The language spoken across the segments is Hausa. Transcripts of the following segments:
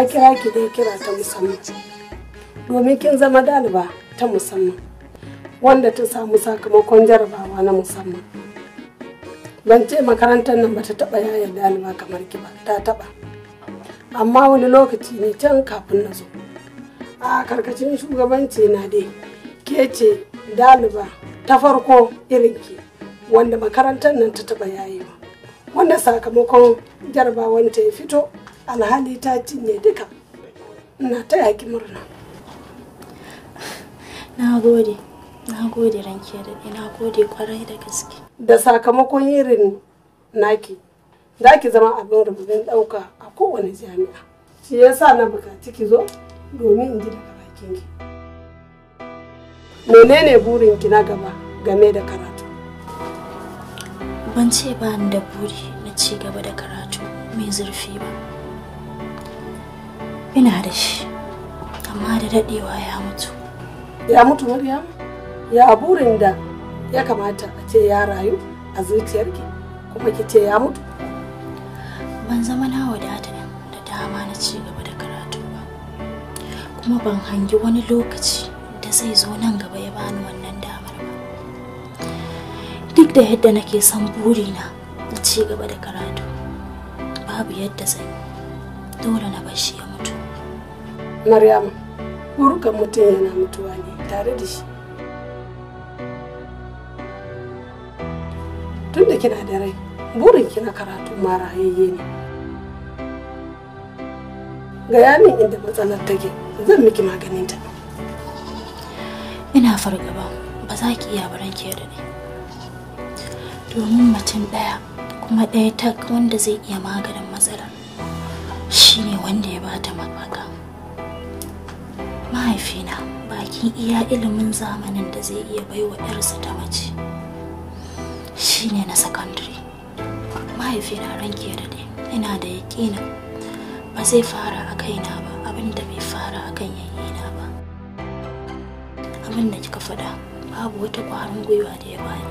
na kira ki dai kira ta musamman domin kin zama ɗaliba ta musamman wanda ta samu sakamakon jarabawa na musamman ban ce makarantar nan ba ta taɓa yayar ɗaliba kamar ki ba ta taɓa amma wani lokaci ne can kafin na zo a karkashin shugabanci na dai ke ce ɗaliba ta farko irin ki wanda makarantar nan ta taɓa yayewa wanda sakamakon jarabawan ta ya fito alhali ta cinye duka ina ta yaki murna na gode na gode ranke da na gode kwarai da gaske da sakamakon irin naki za ki zama abin rubutun ɗauka a kowane jami'a shi yasa na buƙaci ki zo domin in ji daga bakin ki menene burin ki na gaba game da karatu ban ce ba ni da buri na ci gaba da karatu mai zurfi ba ina da shi amma da daɗewa ya mutu ya mutu maryam ya burin da ya kamata a ce ya rayu a zuciyarki kuma ki ce ya mutu ban zama na wadata da dama na ci gaba da karatu ba kuma ban hangi wani lokaci da zai zo nan gaba ya bani wannan damar ba duk da yadda nake son burina na ci gaba da karatu babu yadda zan dole na bar shi ya Maryam, burukan mutum yana mutuwa ne tare da shi. Tun da kina da rai, burin kina karatu mara rayayye ne. Gaya min inda matsalar take, zan miki maganinta. Ina fargaba, ba za ki iya baran ke da ni. Domin mutum ɗaya kuma ɗaya tak wanda zai iya maganin matsalar shine wanda ya bata mafaka. mahaifina bakin iya ilimin zamanin da zai iya baiwa yarsa ta mace shine na secondary mahaifina ranke da dade ina da yaƙina ba zai fara a kaina ba abin da bai fara a kan yayyina ba abin da kika faɗa babu wata ƙwarin gwiwa da ya bani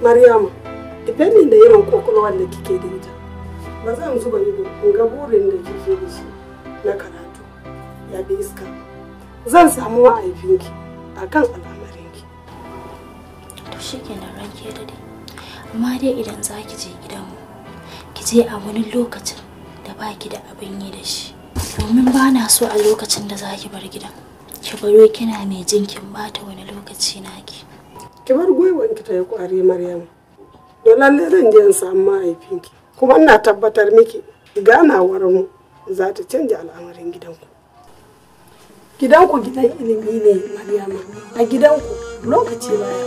Maryamu, depending da irin ƙwaƙwalwar da kike da ita, ba zan zuba ido in ga burin da kike da shi na karatu ya bi iska zan samu ma'aifinki a kan al'amarinki to shi na ranke da dai, amma dai idan za ki je gidanmu ki je a wani lokacin da ba ki da abin yi da shi domin ba na so a lokacin da za ki bar gidan ki baro kina mai jin kin bata wani lokaci naki ki bar gwiwanki ta yi kwari maryam Da lalle zan je in samu mahaifinki kuma ina tabbatar miki ganawar mu za ta canja al'amarin gidanku gidanku gidan ilimi ne maryama a gidanku lokaci ba ya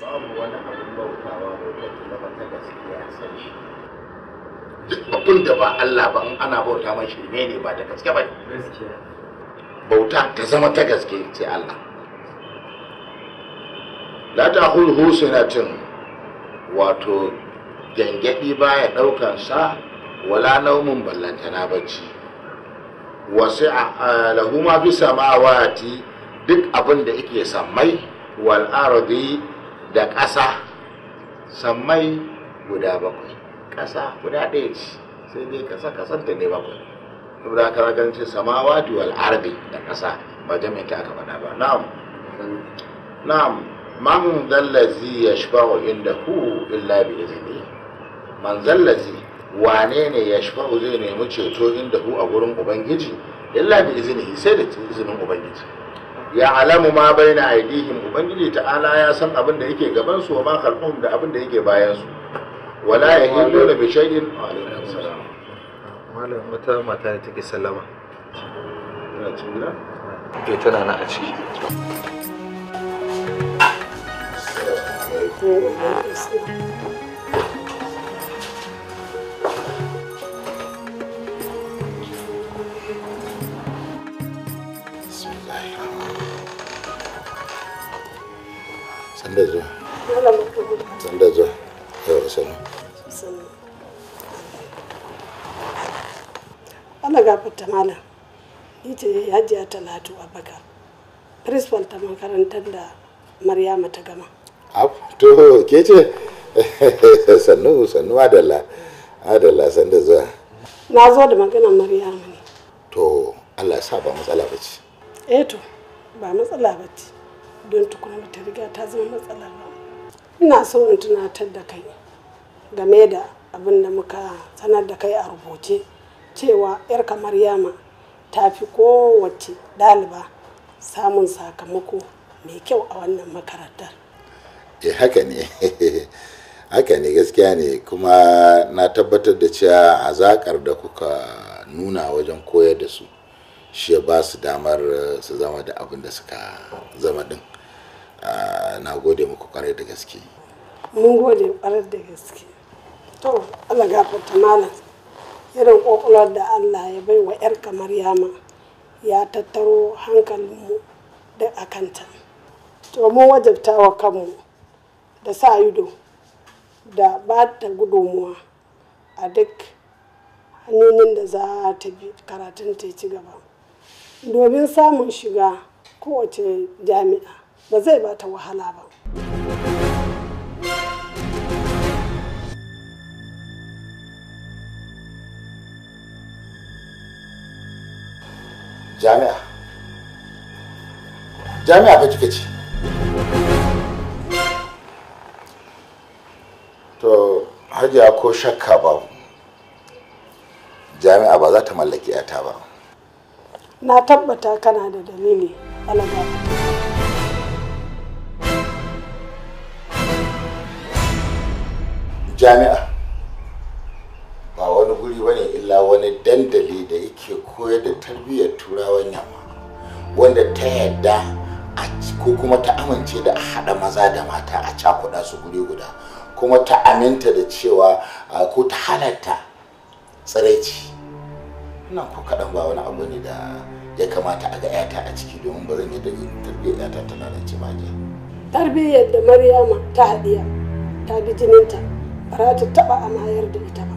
babu wani abin bautawa ko ta gaskiya abun da ba Allah ba ana bauta mai shi ne ba da gaske ba bauta ta zama ta gaske sai Allah la ta hul husnatin wato gyangyaɗi baya ɗaukan sa wala naumun ballantana bacci wasu alahuma ma fi samawati duk abin da yake sammai wal ardi da ƙasa sammai guda bakwai ƙasa guda ɗaya ce sai dai ƙasa ƙasanta ne bakwai saboda haka na ce samawa duwal arbi da ƙasa ba jami'in ta aka faɗa ba na'am na'am man zallazi ya shafahu inda hu illa bi izini man zallazi wane ne ya shafahu zai nemi ceto inda hu a gurin ubangiji illa bi izini sai da izinin ubangiji ya alamu ma bai na aidihin ubangiji ta'ala ya san abin da yake gaban su wa ma da abin da yake bayan su wala ya hillu da bishayin malam wata mata da take sallama tana cikin gida? Eh, tana na a ciki Sanda zuwa. Sanda zuwa. Allah gafarta malam ni ce hajiya talatu abaka principal ta makarantar da maryama ta gama to ke ce sannu sannu adala adala san da zuwa na zo da maganar maryama ne to Allah ya sa ba matsala ba ce eh to ba matsala ba ce don tukuna ta riga ta zama matsala ba ina so in tunatar da kai game da abin da muka sanar da kai a rubuce cewa 'yarka maryama ta fi kowace ɗaliba samun sakamako mai kyau a wannan makarantar eh haka ne haka ne gaskiya ne kuma na tabbatar da cewa azakar da kuka nuna wajen koyar da su shi ya ba su damar su zama da abin da suka zama din ah, na gode muku kwarai da gaske mun gode kwarai da gaske to allah gafarta malam irin ƙwaƙwalar da allah ya bai wa 'yar kamar yama ya tattaro hankalinmu da akanta kanta to mu wajabta kanmu da sa ido da ba ta gudunmuwa a duk hanyoyin da za ta bi karatun ta ci gaba domin samun shiga kowace jami'a ba zai ba ta wahala ba jami'a jami'a ba kika ce to hajiya ko shakka babu jami'a ba za ta mallaki yata ba na tabbata kana da dalili alaga jami'a na wani dandali da yake koyar da tarbiyyar turawan yamma wanda ta yadda ko kuma ta amince da haɗa maza da mata a cakuɗa su guri guda kuma ta aminta da cewa ko ta halatta tsiraici nan ko kaɗan ba wani abu ne da ya kamata a ga 'yata a ciki domin ba zan yi da tarbiyyar 'yata ta lalace ba tarbiyyar da maryama ta haɗiya ta bi jininta ba ta taɓa amayar da ita ba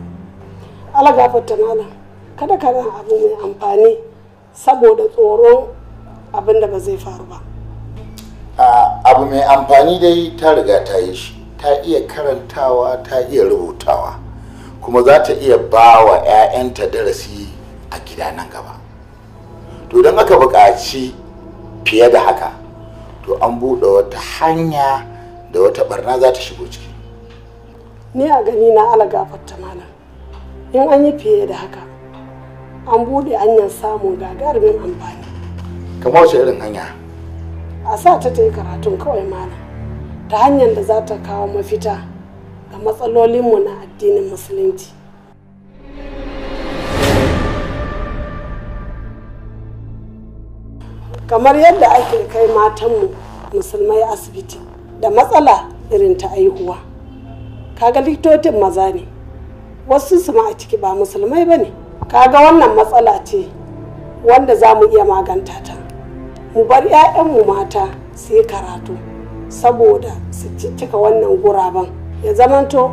kada ka ran abu mai amfani saboda tsoron abin da ba zai faru ba abu mai amfani dai ta riga ta yi shi ta iya karantawa ta iya rubutawa kuma za ta iya ba wa 'ya'yanta darasi a gida nan gaba to don aka buƙaci fiye da haka to an buɗe wata hanya da wata barna za ta shigo ciki ni a gani na ala gafarta in an yi fiye da haka an buɗe hanyar samun gagarumin amfani kamar wace irin hanya a sa ta ta yi karatun kawai mana ta hanyar da za ta kawo mafita ga matsalolinmu na addinin musulunci kamar yadda ake kai matanmu musulmai asibiti da matsala irin ta aihuwa kaga likitocin maza ne wasu su ma a ciki ba musulmai ba ne kaga wannan matsala ce wanda za mu iya maganta ta mu bar mu mata su yi karatu saboda su cika wannan guraben ya zamanto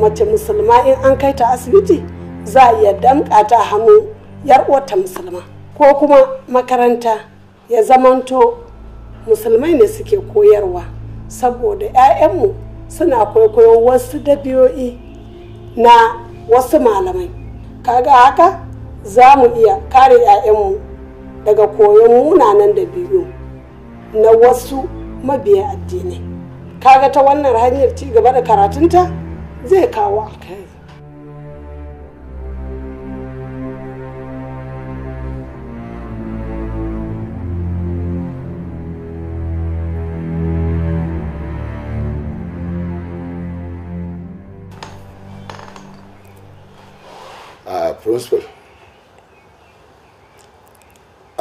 mace musulma in an kai ta asibiti za a iya damƙa ta hannu yar uwarta musulma ko kuma makaranta ya zamanto musulmai ne suke koyarwa saboda 'ya'yanmu suna kwaikwayo wasu dabiyoyi na wasu malamai kaga haka za mu iya kare 'ya'yanmu daga koyon munanan da biyu na wasu mabiya addini kaga ta wannan hanyar ci gaba da karatunta zai kawo alkhairi prosper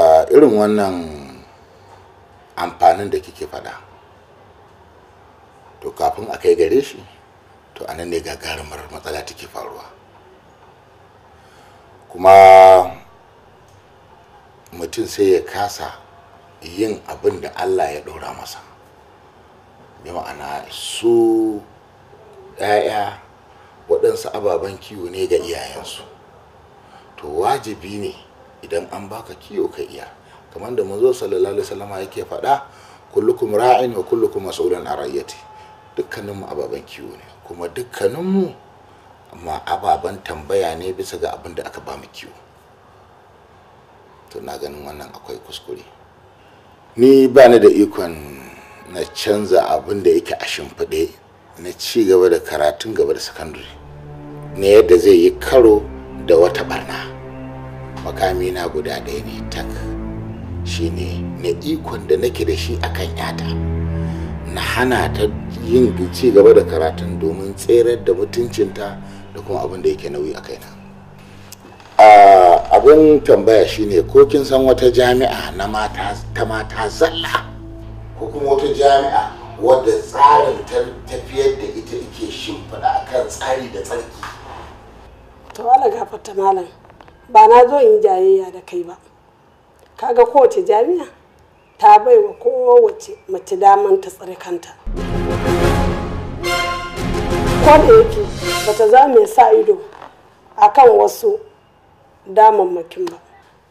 a irin wannan amfanin da kike faɗa to kafin a kai gare shi to a nan ne gagarumar matsala take faruwa kuma mutum sai ya kasa yin abin da allah ya ɗora masa bi ma'ana su ɗaya waɗansu ababen kiwo ne ga iyayensu to wajibi ne idan an baka kiyo ka iya kamar da manzo sallallahu alaihi wasallam yake faɗa kullukum ra'in wa kullukum mas'ulun an ra'iyati dukkanin mu ababan kiyo ne kuma dukkanin mu amma ababan tambaya ne bisa ga abin da aka ba mu kiyo to na ganin wannan akwai kuskure ni ba ni da ikon na canza abin da yake a shimfiɗe na ci gaba da karatun gaba da sakandare ne yadda zai yi karo da wata barna. makami na guda ɗaya ne tak shine na ikon da nake da shi a kan yata na hana ta yin ci gaba da karatun domin tserar da mutuncinta da kuma abin da yake nauyi a kaina abin tambaya shine ko kin san wata jami'a na mata ta mata zalla ko kuma wata jami'a wadda tsarin tafiyar da ita ke shimfiɗa kan tsari da tsarki ta ala gafarta malam ba na zo in yi jayayya da kai ba kaga kowace jami'a ta bai wa kowace mace daman ta tsare kanta ko da yake bata za mai sa ido a kan wasu daman makin ba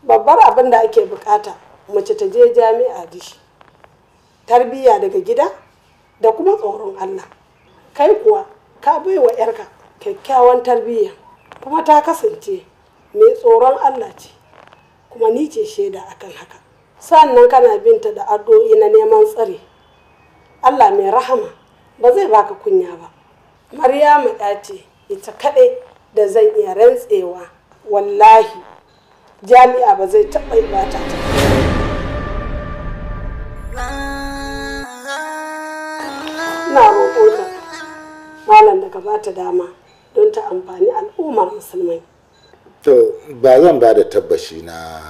babbar abin da ake bukata mace ta je jami'a da shi. tarbiyya daga gida da kuma tsoron allah kai kuwa ka bai wa 'yarka kyakkyawan tarbiyya kuma ta kasance mai tsoron Allah ce kuma ni ce shaida akan haka sannan kana binta da addu'o'i na neman tsare Allah mai rahama ba zai baka kunya ba Maryamu ya ce ita kaɗai da zan iya rantsewa wallahi jami'a ba zai taɓa yi bata ta ina roƙonka malam da ka bata dama don ta amfani al'ummar musulmai to ba zan ba da tabbashi na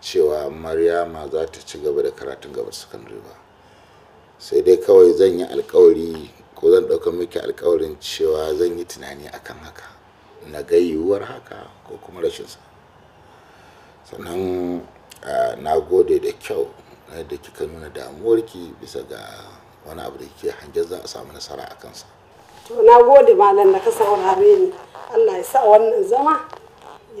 cewa maryama za ta ci gaba da karatun gabar sakandare ba sai dai kawai zan yi alkawari ko zan ɗauka miki alkawarin cewa zan yi tunani akan haka na ga yiwuwar haka ko kuma rashin sa sannan na gode da kyau da kika nuna damuwarki bisa ga wani abu da ke hangen za a samu nasara a kansa to na gode malam da ka saurare ni allah ya sa wannan zama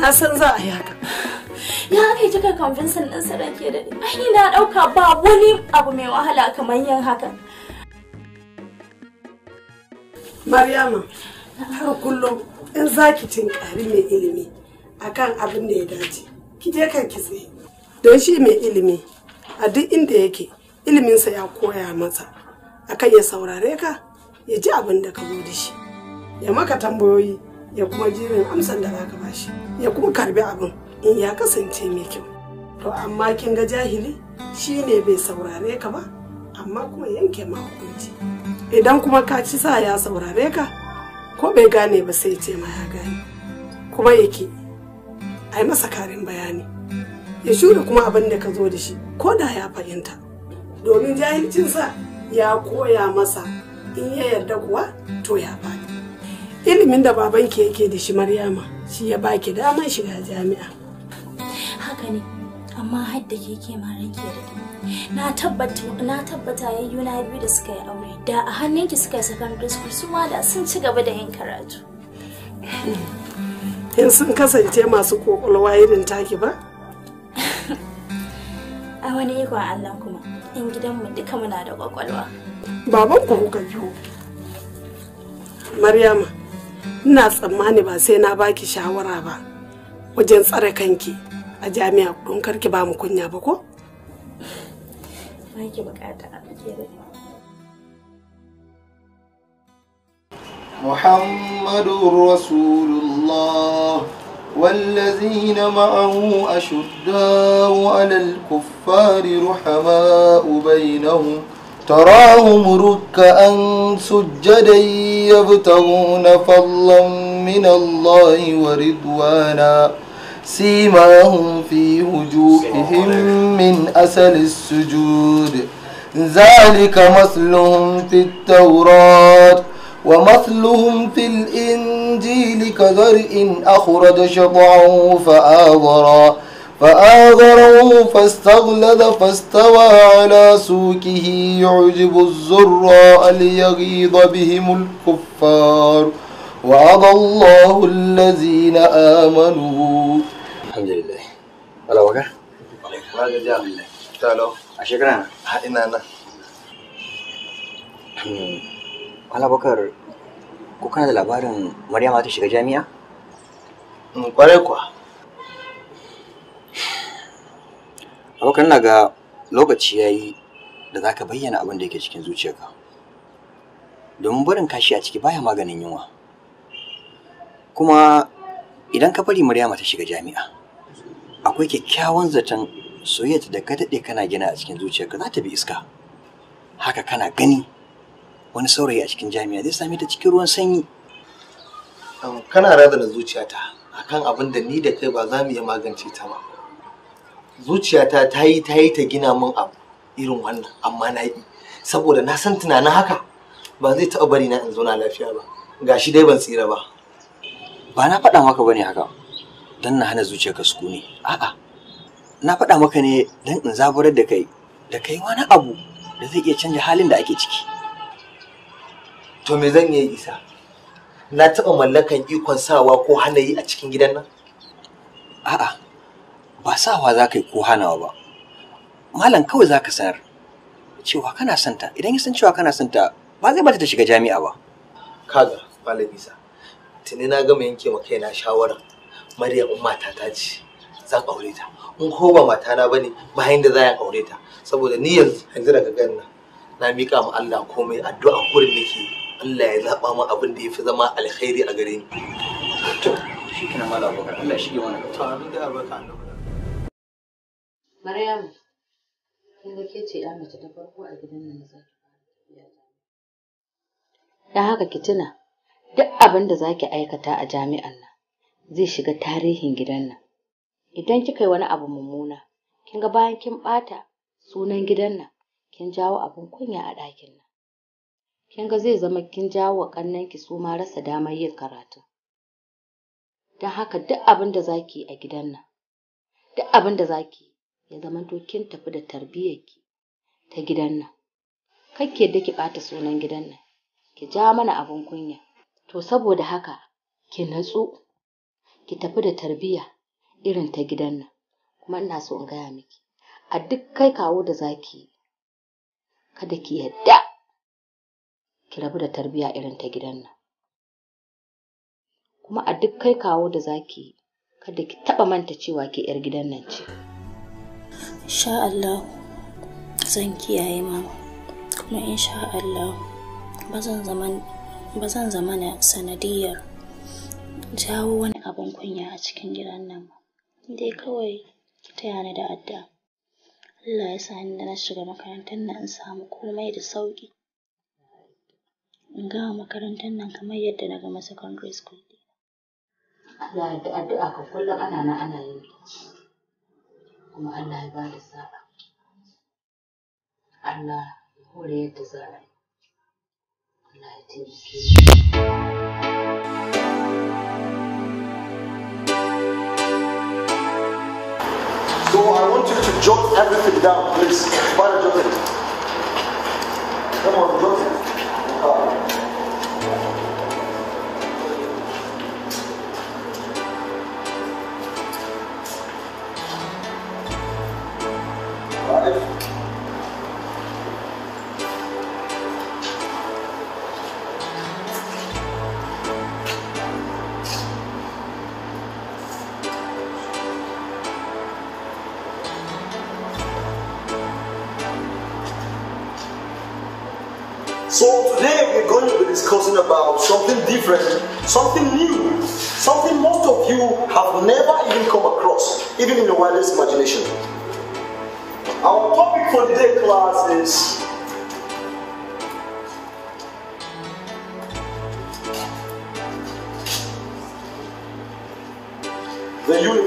na san za a yi haka ya kai kika convincing ɗin ke da ai na ɗauka ba wani abu mai wahala kamar yin haka Maryama har kullum in za ki tinkari mai ilimi akan abin da ya dace ki je kan ki tsaye don shi mai ilimi a duk inda yake iliminsa ya koya masa akan ya saurare ka ya ji abin da ka zo da shi ya maka tambayoyi ya kuma jirin amsan da za ka ba shi. ya kuma karbi abin in ya kasance mai kyau to amma kin ga jahili shi ne bai saurare ka ba amma kuma yanke ma hukunci idan kuma ka ci sa ya saurare ka ko bai gane ba sai ce ma ya gane kuma yake ai masa karin bayani ya shuri kuma abin da ka zo da shi ko da ya fahimta domin jahilcinsa ya koya masa in ya yarda kuwa to ya bani ilimin da babanki yake da shi maryama shi ya baki damar shiga jami'a haka ne amma har da ke ke marake da na tabbata na tabbata yayyuna biyu da suka yi aure da a hannunki suka yi secondary school su ma da sun ci gaba da yin karatu in sun kasance masu kokolwa irin taki ba a wani ikon allah kuma in gidanmu duka muna da kokolwa baban ku kuka biyo maryama ina tsammani ba sai na baki shawara ba wajen tsare kanki a jami'a don karki ba mu kunya ba ko? Baki bukata a محمد رسول الله والذين معه أشداء على الكفار رحماء بينهم تراهم ركعا سجدا يبتغون فضلا من الله ورضوانا سيماهم في وجوههم من أسل السجود ذلك مثلهم في التوراة ومثلهم في الإنجيل كذرء أخرج شطعه فآضرا فآذره فاستغلد فاستوى على سوكه يعجب الزراء ليغيظ بهم الكفار وعد الله الذين آمنوا الحمد لله ولا وقع تعالوا شكرا ina nan alabakar ko kana da labarin maryama ta shiga jami'a kwarai kuwa abokan na ga lokaci ya yi da za ka bayyana abin da yake cikin zuciyarka domin barin kashi a ciki baya maganin yunwa kuma idan ka bari maryama ta shiga jami'a akwai kyakkyawan zaton soyayya da ka daɗe kana gina a cikin zuciyarka za ta bi iska haka kana gani wani saurayi a cikin jami'a zai same ta cikin ruwan sanyi kana razana zuciyata akan abin da ni da kai ba za mu iya magance ta ba zuciyata ta yi ta yi ta gina min abu irin wannan amma na yi saboda na san tunanin haka ba zai taɓa bari na in zauna lafiya ba gashi dai ban tsira ba ba na faɗa maka bane haka don na hana zuciyarka sukuni a'a na faɗa maka ne don in zaburar da kai da kai wani abu da zai iya canja halin da ake ciki to me zan iya isa na taɓa mallakan ikon sawa ko hana yi a cikin gidan nan a'a ba sawa za ka yi ko hanawa ba malam kawai za ka sanar cewa kana son ta, idan ya san cewa kana son ta ba zai bata ta shiga jami'a ba kaga malam isa tuni na gama yanke ma kaina shawara maryam in mata ta ce zan aure ta in ko ba mata na bane ba da za aure ta saboda ni yanzu yanzu daga gan nan na mika ma Allah komai addu'a gurin nake Allah ya zaba mu abin da yafi zama alkhairi a gare ni to shi kina malam Allah shi ya mana ta da baka Maryamu, kin ga ke ce ya mace ta farko a gidan nan za fara tafiya Dan haka ki tuna duk abin da za ki aikata a jami'an nan zai shiga tarihin gidan nan. Idan kika yi wani abu mummuna, kin ga bayan kin ɓata sunan gidan nan, kin jawo abin kunya a ɗakin nan. Kin ga zai zama kin jawo wa ki su ma rasa damar yin karatu. Don haka duk abin da za ki yi a gidan nan, duk abin da za ki yi ya zamanto kin tafi da tarbiyyarki ta gidan nan ki yadda ki ɓata sunan gidan nan ki ja mana abin kunya to saboda haka ki natsu ki tafi da tarbiyya irin ta gidan nan kuma ina so in gaya miki a duk kai kawo da zaki kada ki yadda ki rabu da tarbiyya irin ta gidan nan kuma a duk kai kawo da zaki kada ki taɓa manta cewa ke 'yar gidan nan ce. insha Allah zan kiyaye mama kuma insha Allah ba zan zama na sanadiyar jawo wani abin kunya a cikin gidan nan ba dai kawai ki taya ni da adda Allah ya sa ni da na shiga makarantar nan in samu komai da sauki in gama makarantar nan kamar yadda na gama secondary school. Ya addu'a ka kullum ana nan ana yin kuma Allah ya sa'a Allah ya hore yadda za a Allah ya taimake So I want you to jot everything down, please. Para jot it. Come on, jot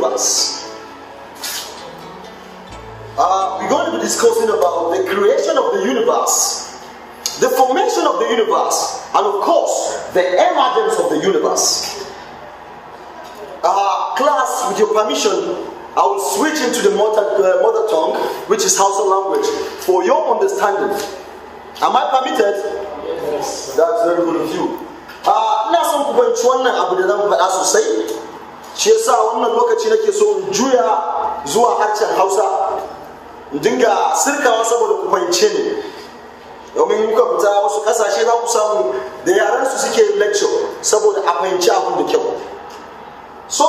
Uh, we're going to be discussing about the creation of the universe, the formation of the universe, and of course, the emergence of the universe. Uh, class, with your permission, I will switch into the mother, uh, mother tongue, which is Hausa language, for your understanding. Am I permitted? Yes. That's very good of you. Uh, na abu shi yasa wannan lokaci nake so in juya zuwa harshen hausa in dinga sirkawa saboda ku fahimce ni domin muka fita wasu kasashe za ku samu da yaran su suke yin lecture saboda a fahimci abin da kyau so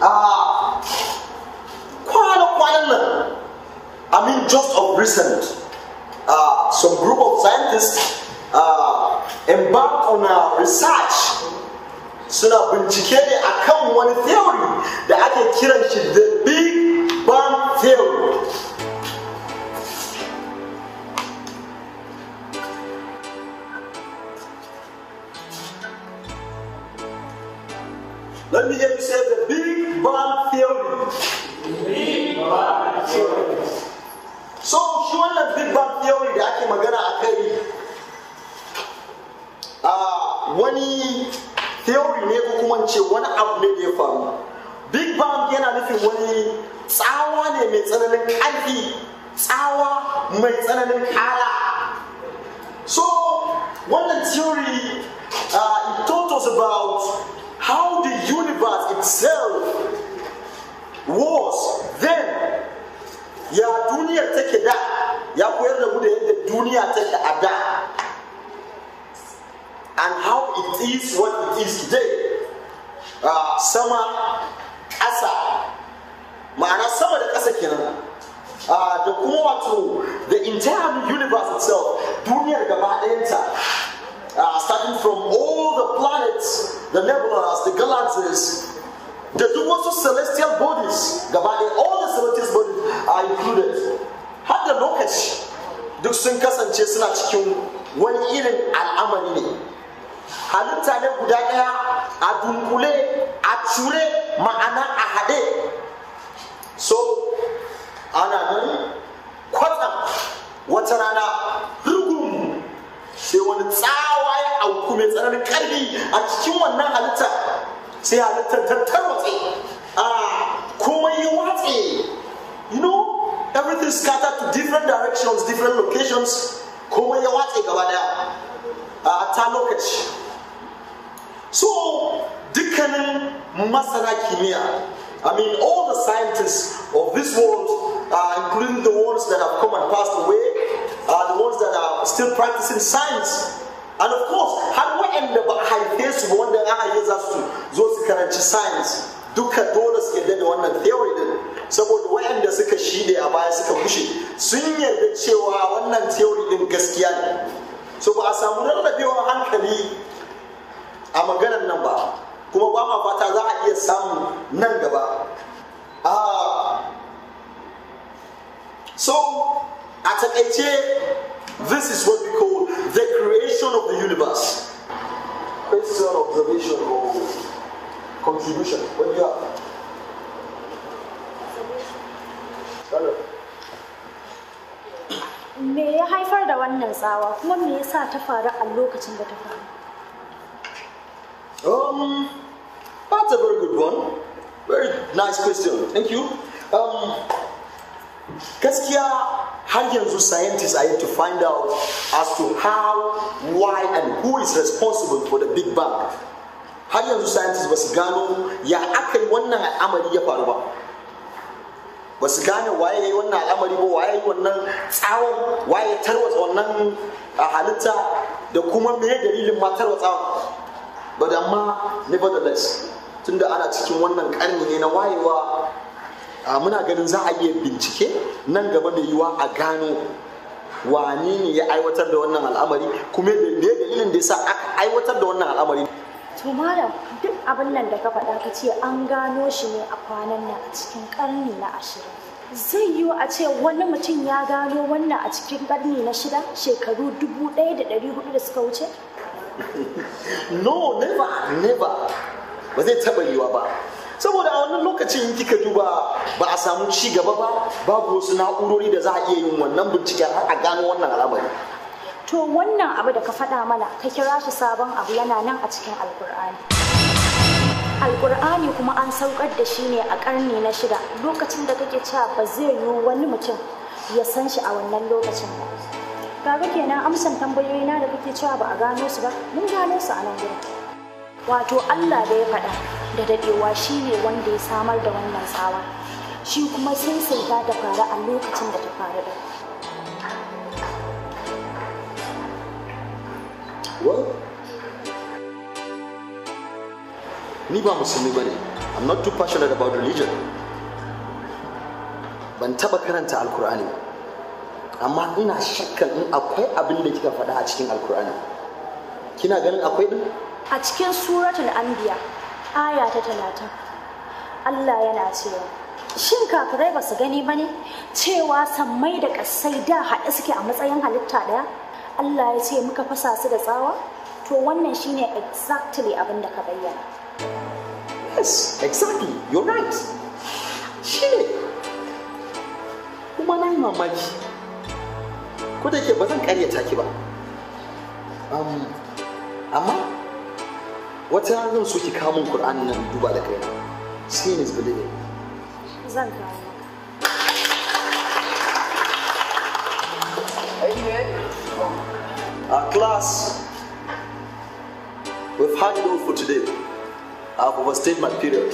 a kwanan nan i mean just of recent uh, some group of scientists uh, embarked on a research suna bincike ne akan wani theory da ake kiran shi the big bang theory Let me hear you say the Big Bang Theory. Big Bang Theory. So, shi wannan Big Bang Theory da ake magana a kai, ah, wani theory ne ko kuma ce wani abu ne da ya faru big bang yana nufin wani tsawa ne mai tsananin ƙarfi tsawa mai tsananin kala so wannan theory uh, it taught us about how the universe itself was then ya duniyar take da ya koyar da mu da yadda duniya take a da it is what it is today uh, sama ƙasa ma'ana sama da ƙasa kenan uh, da kuma wato the entire universe itself duniyar gaba ɗayanta uh, starting from all the planets the nebulas the galaxies the duk wasu celestial bodies gaba ɗaya all the celestial bodies are included har da lokaci duk sun kasance suna cikin wani irin al'amari ne halitta ne guda ɗaya a dunkule a cure ma'ana a haɗe so ana nan kwatsam wata rana rugun sai wani tsawa ya auku mai tsananin ƙarfi a cikin wannan halitta sai halittar ta tarwatse a komai ya watse you know everything scattered to different directions different locations komai ya watse gaba daya a so dukkanin masana kimiyya i mean all the scientists of this world uh, including the ones that have come and passed away uh, the ones that are still practicing science and of course har waɗanda ba a haife su ba wanda an haife za su zo su karanci science duka dole su yarda da wannan theory din saboda waɗanda suka shide a baya suka kushe sun yarda cewa wannan theory din gaskiya ne so ba a samu rarrabewa hankali a maganar nan ba kuma ba ma fata za a iya samu nan gaba ah. so a takaice this is what we call the creation of the universe based on observation or contribution what do you have me ya haifar da wannan tsawa kuma me yasa ta faru a lokacin da ta faru um that's a very good one very nice question thank you um gaskiya har yanzu scientists are yet to find out as to how why and who is responsible for the big bang har yanzu scientists ba su gano ya aka yi wannan al'amari ya faru ba ba su gane waye ya yi wannan al'amari ba waye yi wannan tsawon waye tarwatsa wannan ah, halitta da kuma me dalilin ma tarwatsa ba da amma nevertheless tunda ana cikin wannan karni ne na wayewa ah, muna ganin za a iya bincike nan gaba da yiwa a gano wani ne ya aiwatar da wannan al'amari kuma da dalilin da ya sa aka aiwatar da wannan al'amari to malam duk abin nan da ka faɗa ka ce an gano shi ne a kwanan nan a cikin ƙarni na ashirin zai yiwu a ce wani mutum ya gano wannan a cikin ƙarni na shida shekaru dubu ɗaya da ɗari hudu da suka wuce no never never ba zai taɓa yiwa ba saboda a wannan lokacin kika duba ba a samu ci gaba ba babu wasu na'urori da za a iya yin wannan binciken har a gano wannan al'amari to wannan abu da ka faɗa mana ka kira shi sabon abu yana nan a cikin alkur'ani alkur'ani kuma an saukar da shi ne a karni na shida lokacin da kake cewa ba zai yiwu wani mutum ya san shi a wannan lokacin ba kaga kenan amsan tambayoyi na da kake cewa ba a gano su ba mun gano su a nan gurin wato Allah da ya faɗa da dadewa shi ne wanda ya samar da wannan tsawa shi kuma sai sai ta da faru a lokacin da ta faru da ni ba musulmi bane i'm not too passionate about religion ban taba karanta alkur'ani amma ina shakkan in akwai abin da kika faɗa a cikin alkur'ani kina ganin akwai din a cikin suratul anbiya aya ta talatin Allah yana cewa shin kafirai ba su gani ba ne cewa sammai da ƙasai da haɗe suke a matsayin halitta ɗaya Allah ya ce muka fasa su da tsawa to wannan shine exactly abin da ka bayyana Yes, exactly. You're right. Shi ne. Kuma na yi mamaki. Ko da yake ba zan karyata ki ba. Um, amma wata zan so ki kamun Qur'anin nan duba da kaina. Seeing is believing. Zan kawo maka. Our uh, class, we've had it all for today. I've overstayed my period.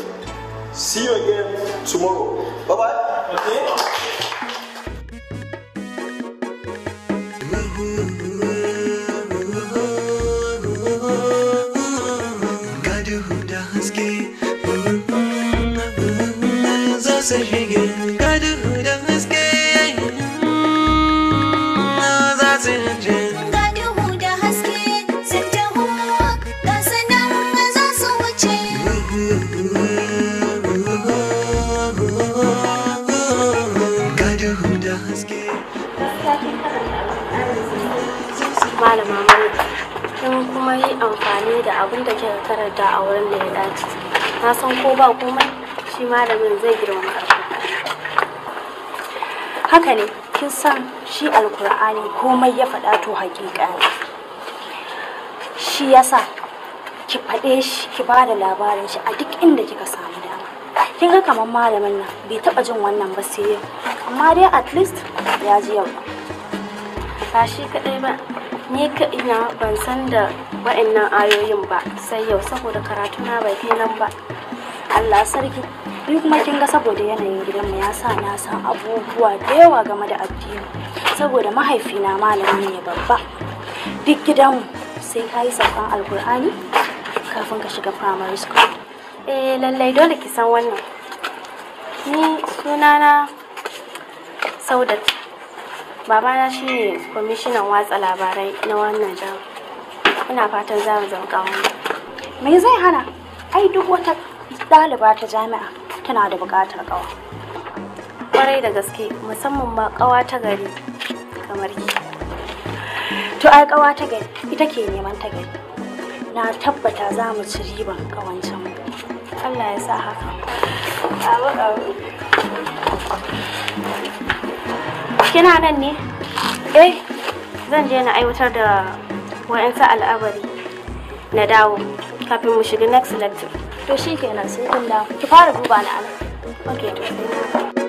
See you again tomorrow. Bye bye. Okay. abin da kika karanta a wurin da ya dace na san ko ba komai shi malamin zai girma haka ne kin san shi alkur'ani komai ya faɗa to hakika ne shi yasa ki faɗe shi ki ba da labarin shi a duk inda kika samu dama kin ga kamar malamin nan bai taɓa jin wannan ba sai amma dai at least ya ji yau ba shi kaɗai ba ni ina ban san da wa'annan ayoyin ba sai yau saboda karatu na bai kai nan ba allah sarki ni kuma kin ga saboda yanayin gidanmu ya sa na san abubuwa da yawa game da addini saboda mahaifina malami ne babba duk gidanmu sai ka yi sabon alkur'ani kafin ka shiga primary school eh lallai dole ki san wannan ni sunana saudat babana shine kwamishinan watsa labarai na wannan jihar Ina fatan za mu zama kawo me zai hana ai duk wata ɗaliba ta jami'a tana da buƙatar ƙawa kwarai da gaske musamman ma ƙawa ta gari kamar ki to ai ƙawa ta gari ita ke neman ta gari na tabbata za mu ci riban ƙawancin mu Allah ya sa haka. Abu abu. kina nan ne eh zan je na aiwatar da wa'ansu al'abari na dawo kafin mu shiga next lecture to shikenan sai kun dawo ki fara duba na ala okay to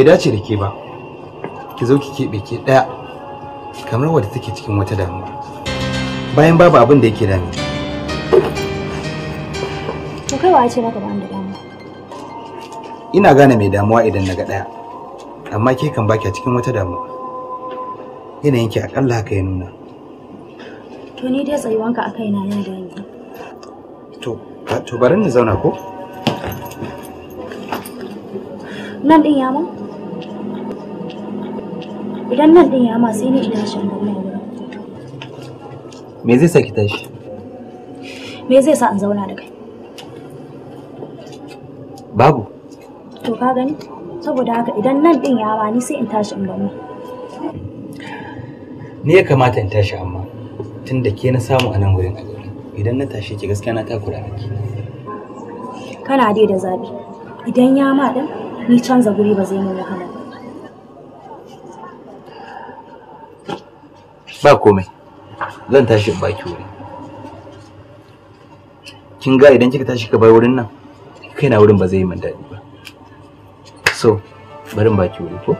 bai dace da ke ba ki zo ki keɓe ke ɗaya kamar wadda take cikin wata damuwa bayan babu abin da yake dami to kai wa ce maka ba da damuwa ina gane mai damuwa idan naga ɗaya amma ke kan baki a cikin wata damuwa yanayin ki akalla haka ya nuna to ni dai tsayuwanka a kaina yana dami to to bari ni zauna ko nan din ya mun idan nan din ya ma sai ni ina shan wannan me zai sa ki tashi me zai sa in zauna da kai babu to ka gani saboda haka idan nan din ya ma ni sai in tashi in gani ni ya kamata in tashi amma tunda ke na samu a nan gurin idan na tashi ki gaskiya na takura miki kana dai da zabi idan ya ma din ni canza guri ba zai mun wahala ba komai zan tashi baki wuri kin ga idan kika tashi ka bar wurin nan kai na wurin ba zai yi min daɗi ba so barin baki wuri ko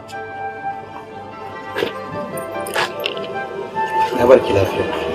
na barki lafiya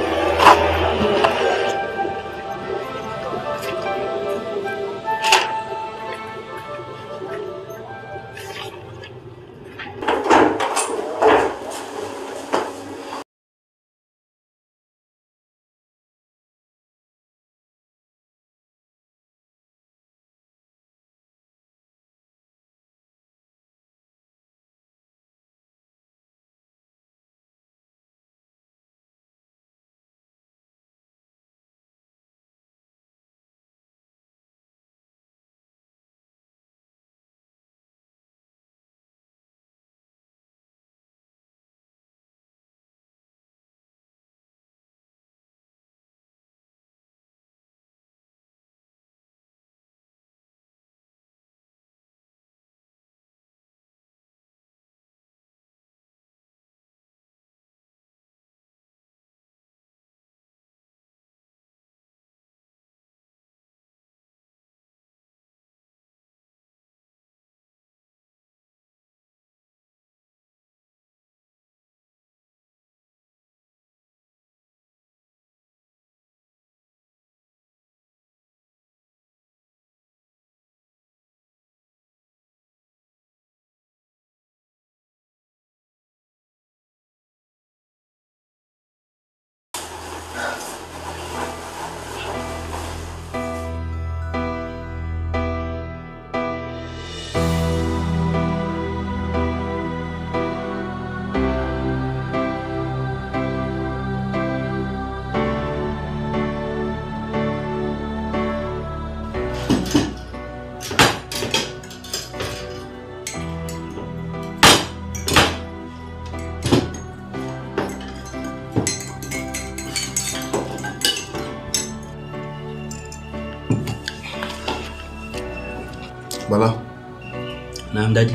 dadi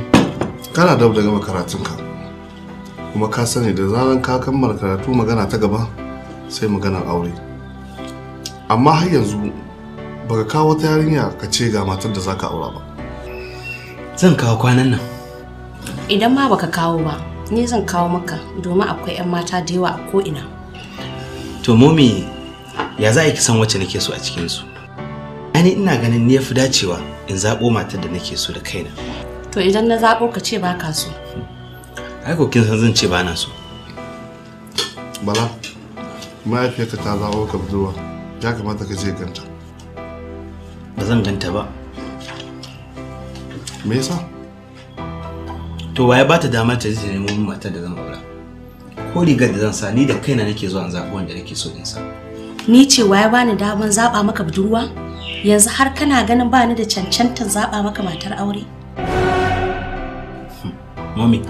kana da gama karatunka kuma ka sani da zaran ka kammala karatu magana ta gaba sai maganar aure amma har yanzu baka kawo wata yarinya ka ce ga matar da zaka aura ba zan kawo kwanan nan idan ma baka kawo ba ni zan kawo maka domin akwai 'yan mata da yawa a ko'ina to momi ya za ki san wacce nake so a cikinsu ani ina ganin ni ya fi dacewa in zaɓo matar da nake so da kaina To idan na zaɓo ka ce ba ka so. Ai ko kin san zan ce ba na so. Bala, mahaifiyarka ta zaɓo ka budurwa. Ya kamata ka je ganta. Ba zan ganta ba. Me yasa? To waye ba ta damar ta ji ta nemo min matar da zan aura. Ko rigar da zan sa ni da kaina nake zuwa in zaɓi wanda nake so in sa. Ni ce waye bani damar zaɓa maka budurwa? Yanzu har kana ganin ba ni da cancantar zaɓa maka matar aure? mami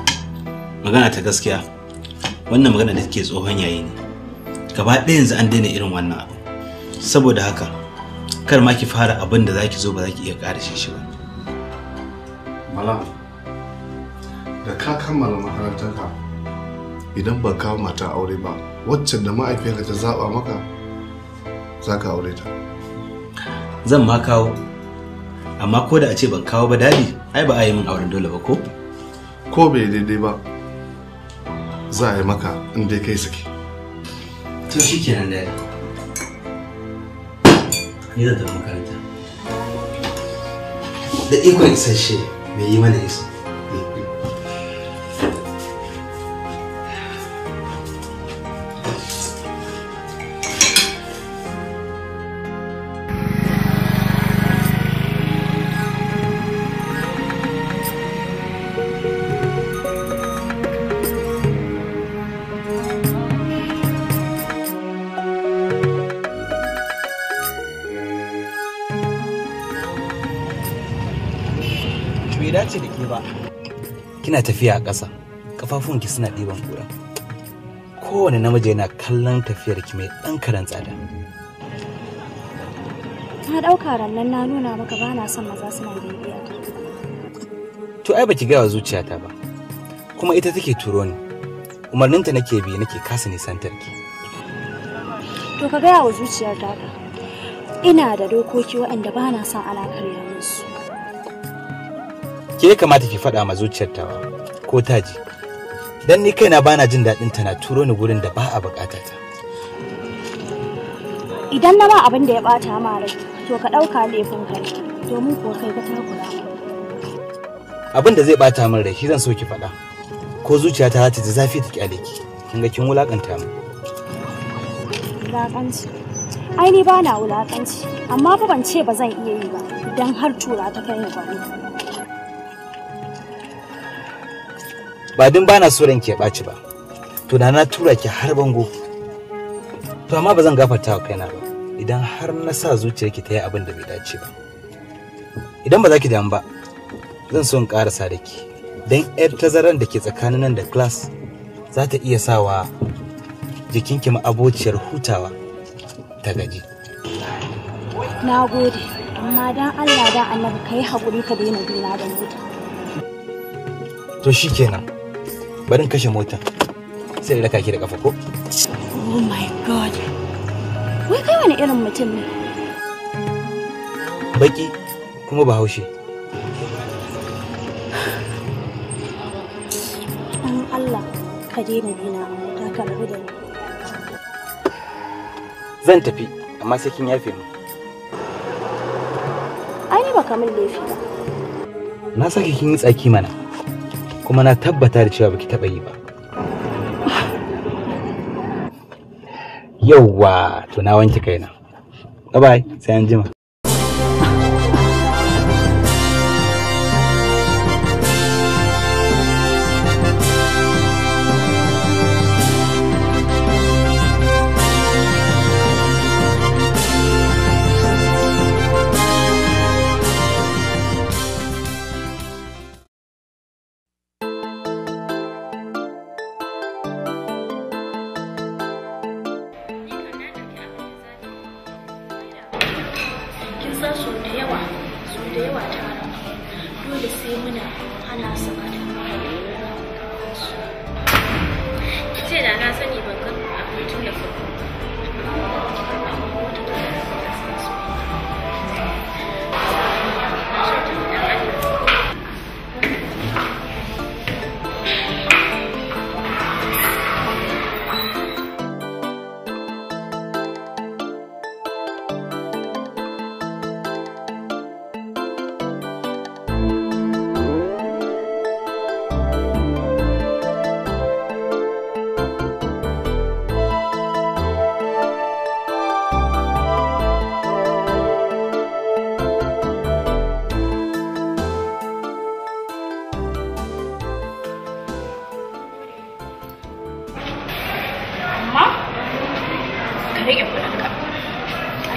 magana ta gaskiya wannan magana da take tsohon yayi ne gaba ɗaya yanzu an daina irin wannan abu saboda haka kar ma ki fara abin da zaki zo ba zaki iya ƙara shi ba malam da ka kammala makarantarka idan ba ka mata aure ba wacce da ma'aifiyarka ta zaba maka za ka aure ta zan ma kawo amma ko da a ce ban kawo ba dadi ai ba a yi min auren dole ba ko ko bai daidai ba za a yi maka in dai kai saki to shi kenan da ni zan tafi makaranta da ikon isasshe mai yi mana isa tafiya a ƙasa ki suna ɗiban kura kowane namiji yana kallon tafiyar ki mai ɗan karen tsada na ɗauka rannan na nuna maka ba na son maza suna bibiya to ai baki gaya zuciyata ba kuma ita take turo ni umarninta nake bi nake kasa nisantar ki to ka gaya wa zuciyar ina da dokoki waɗanda ba na son yanzu. ke ya kamata ki faɗa ma zuciyar tawa ko ta ji dan ni kaina bana jin daɗin ta na turo ni gurin da ba a bukata ta idan na ba abin da ya bata ma rai to ka ɗauka laifin kai domin ko kai ka takura abin da zai bata min rai shi zan so ki faɗa ko zuciyata za ta ji zafi ta kyale ki kin ga kin wulakanta mu wulakanci ai ni ba na wulakanci amma fa ban ce ba zan iya yi ba idan har tura ta kai ni gwani ba din bana so ranki ya ɓaci ba to da na tura ki har bango to amma ba zan gafarta wa kaina ba idan har na sa zuciyarki ta yi abin da bai dace ba idan ba za ki damu ba zan so in karasa da ki don yar tazaran da ke tsakanin nan da class za ta iya sawa jikinki ma'abociyar hutawa ta gaji na gode amma don allah da annabi ka yi haƙuri ka daina juna da mutum to shikenan barin kashe mota sai da raka ki da kafa ko oh my god wai kai wani irin mutum ne baki kuma bahaushe an Allah ka daina bina ta karbi da ni zan tafi amma sai kin yafe mu ai ba ka laifi ba na saka kin yi tsaki mana kuma na tabbata da cewa baki taba yi ba yauwa to na wanke kaina bye bye sai an jima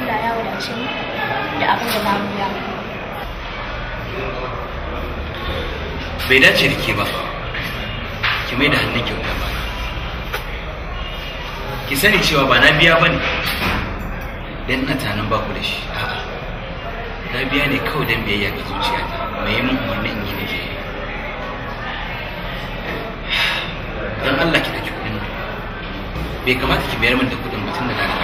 Allah ya wadace mu da abin da zamu ya bai dace da ke ba ki mai da hannun kyauta ba ki sani cewa ba na biya ba ne don ina tunanin ba ku da shi a'a na biya ne kawai don biyayya ga ta, mai mun wannan in yi nake don Allah ki ɗauki kuɗin bai kamata ki mayar min da kuɗin mutum da na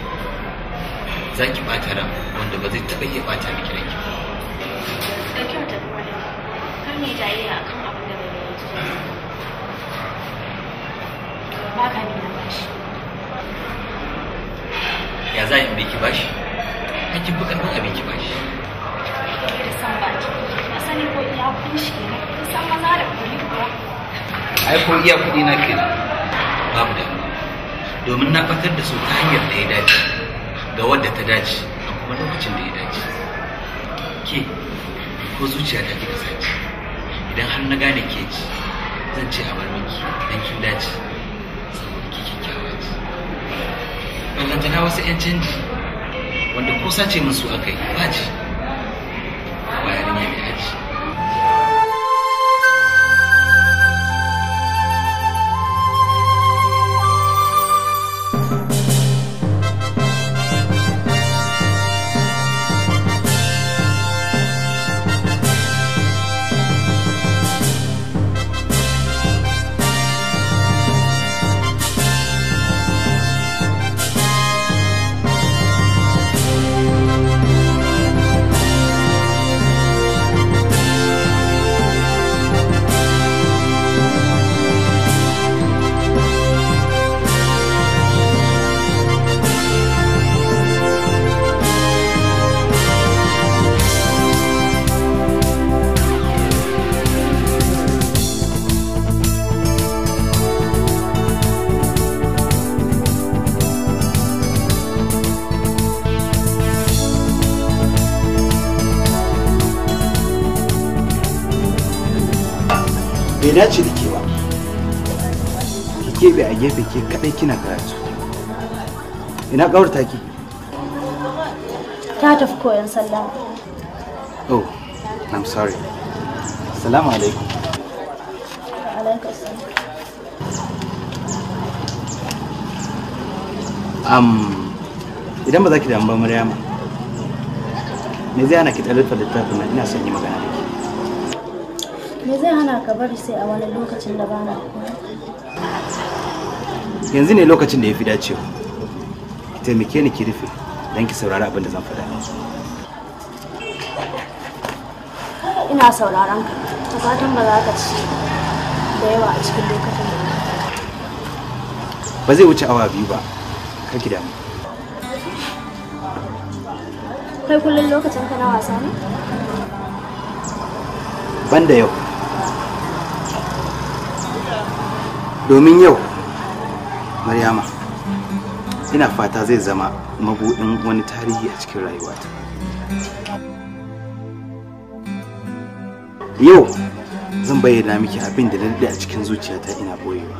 za ki ɓata ran wanda ba zai taɓa iya ɓata miki ranki ba. Da kyau da bai yi ba bashi. Ya za in biki bashi? abin ki bashi. Da san ko iya kun shi ne, kun san maza da kuɗi na kenan. Domin na fatar da su ta hanyar da ya dace. ga wadda ta dace a kuma lokacin da ya dace ke ko zuciya ta kika sace idan har na gane ke ci zan ce a bar miki dan kin dace saboda ki kyakkyawa ce ballantana wasu 'yan canji wanda ko sace min su aka yi ba ce ba yarinya mai aji ce da kewa ba a gefe ke kadai kina karatu ina ta ki. ta tafi koyon sallah oh i'm sorry assalamu alaikum um, idan ba za ki damu ba maryama me zai ana ki ɗalifar littafin nan ina son yi magana Me zai hana ka bari sai a wani lokacin da bana Yanzu ne lokacin da ya fi dacewa. Ki taimake ni ki rufe don ki saurari abin da zan faɗa. Ina sauraron ka, ta fatan ba za ka ci da yawa a cikin lokacin da Ba zai wuce awa biyu ba, kar ki damu. Kai kullum lokacin ka na wasa ne? Banda yau. domin yau maryama ina fata zai zama mabuɗin wani tarihi a cikin rayuwata yau zan bayyana miki abin da daɗe a cikin zuciyata ina boyewa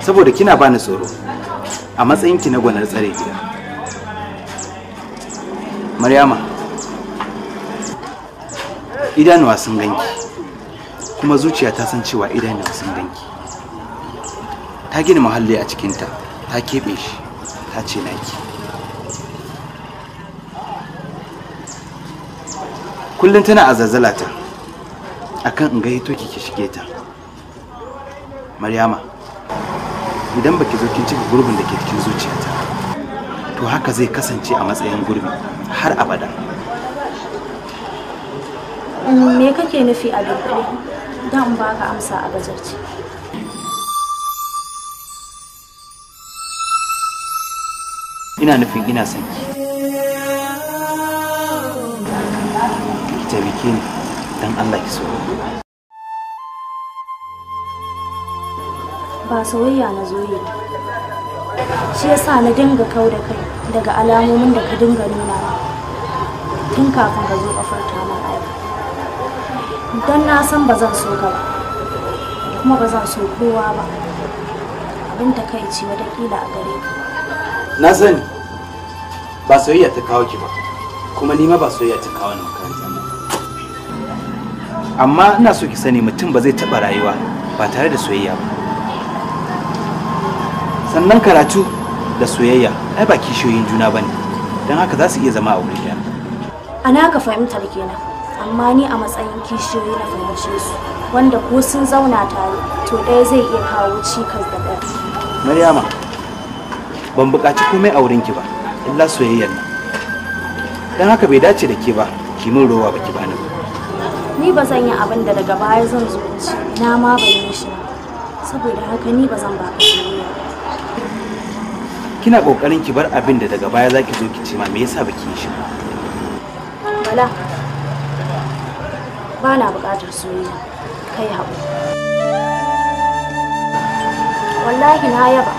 saboda kina bani tsoro a matsayinki na gwanar tsare gida maryama idanuwa sun ganki kuma zuciya ta san cewa idanun sun danki ta gina muhalli a cikinta ta keɓe shi ta ce naki kullum tana a zazzalata akan in gaito ki ki shige ta maryama idan baki zo kin cika gurbin da ke cikin zuciyata to haka zai kasance a matsayin gurbi har abada me kake nufi a don ka amsa a gajarci ina nufin ina son ki ki taimake ni don allah ki so ba soyayya na zo yi shi yasa na dinga kau da kai daga alamomin da ka dinga nuna tun kafin ka zo ka farta aiki don na san ba zan so ka ba kuma ba zan so kowa ba abin ta kai ce watakila a gare ka na sani ba soyayya ta kawo ki ba kuma ni ma ba soyayya ta kawo ni makaranta ba amma ina so ki sani mutum ba zai taɓa rayuwa ba tare da soyayya ba sannan karatu da soyayya ai ba kishiyoyin juna ba ne don haka za su iya zama a wuri ɗaya a naka fahimtar kenan amma ni a matsayin kishiyoyi na fahimce su wanda ko sun zauna tare to ɗaya zai iya kawo cikas da ɗaya. Maryama, ban buƙaci komai a wurinki ba, illa soyayyar nan. Don haka bai dace da ke ba, ki min rowa baki bani ba. Ni ba zan yi abin da daga baya zan zo ci, na ma ban yi shi saboda haka ni ba zan ba ka soyayya. Kina ƙoƙarin ki bar abin da daga baya za ki zo ki ce ma me yasa baki yi shi ba. Bala, Bana na buƙatar soyayya kai haɓu wallahi na yaba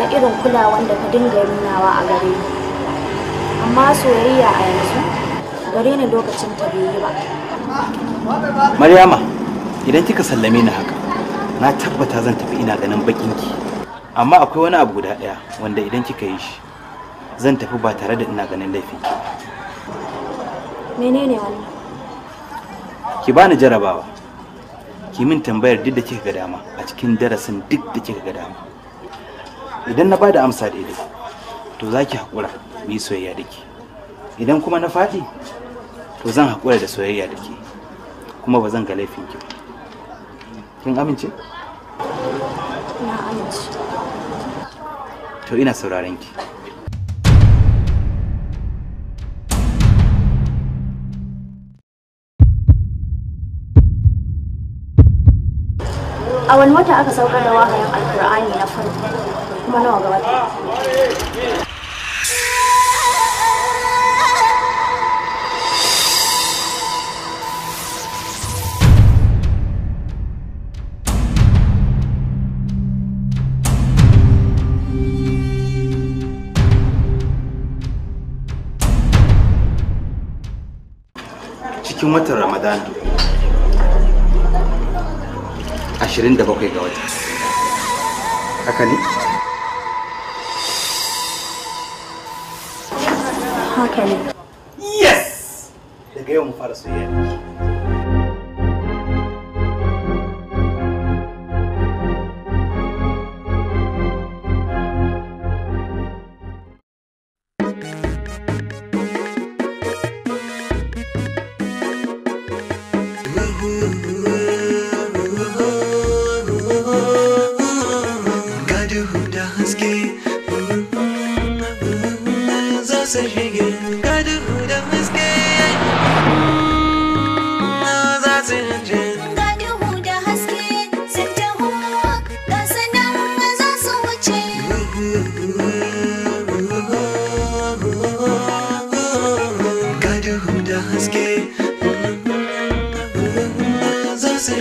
da irin kulawan da ka dinga nunawa a gare ni amma soyayya a yanzu gare ni lokacin ta bai yi ba maryama idan kika sallame ni haka na tabbata zan tafi ina ganin bakinki amma akwai wani abu guda ɗaya wanda idan kika yi shi zan tafi ba tare da ina ganin laifi menene wannan ki bani jarabawa ki min tambayar duk da kika ga dama a cikin darasin duk da kika ga dama idan na bada amsa daidai to za ki haƙura mu yi soyayya da ke idan kuma na faɗi to zan haƙura da soyayya da ke kuma ba zan ga laifin ki ba kin amince na amince to ina sauraron ki a wani wata aka saukar da wahayin alkur'ani na farko kuma nawa ga wata cikin watan ramadan 27 ga wata haka ne haka ne yes daga yau mu fara soyayya su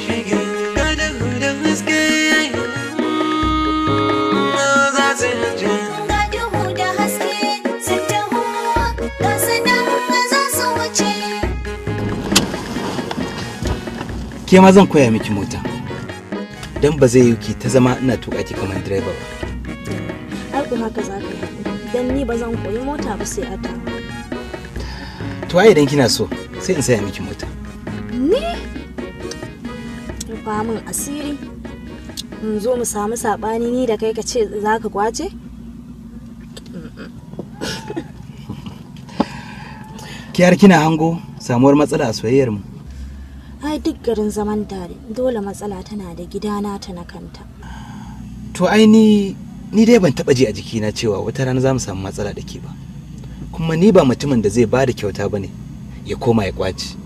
ke ma zan koya miki mota don ba zai yi ki ta zama ina tuka ki kamar direba ba ai haka za ka yi don ni ba zan koyi mota ba sai ata. tuwa to idan kina so sai in saya miki mota rufa min asiri in zo mu samu saɓani ni da kai ka ce za ka kwace kiyar kina hango samuwar matsala a soyayyar mu ai duk garin zaman tare dole matsala tana da gidana ta na kanta to ai ni ni dai ban taba ji a jikina cewa wata rana za mu samu matsala da ke ba kuma ni ba mutumin da zai ba da kyauta bane ya koma ya kwaci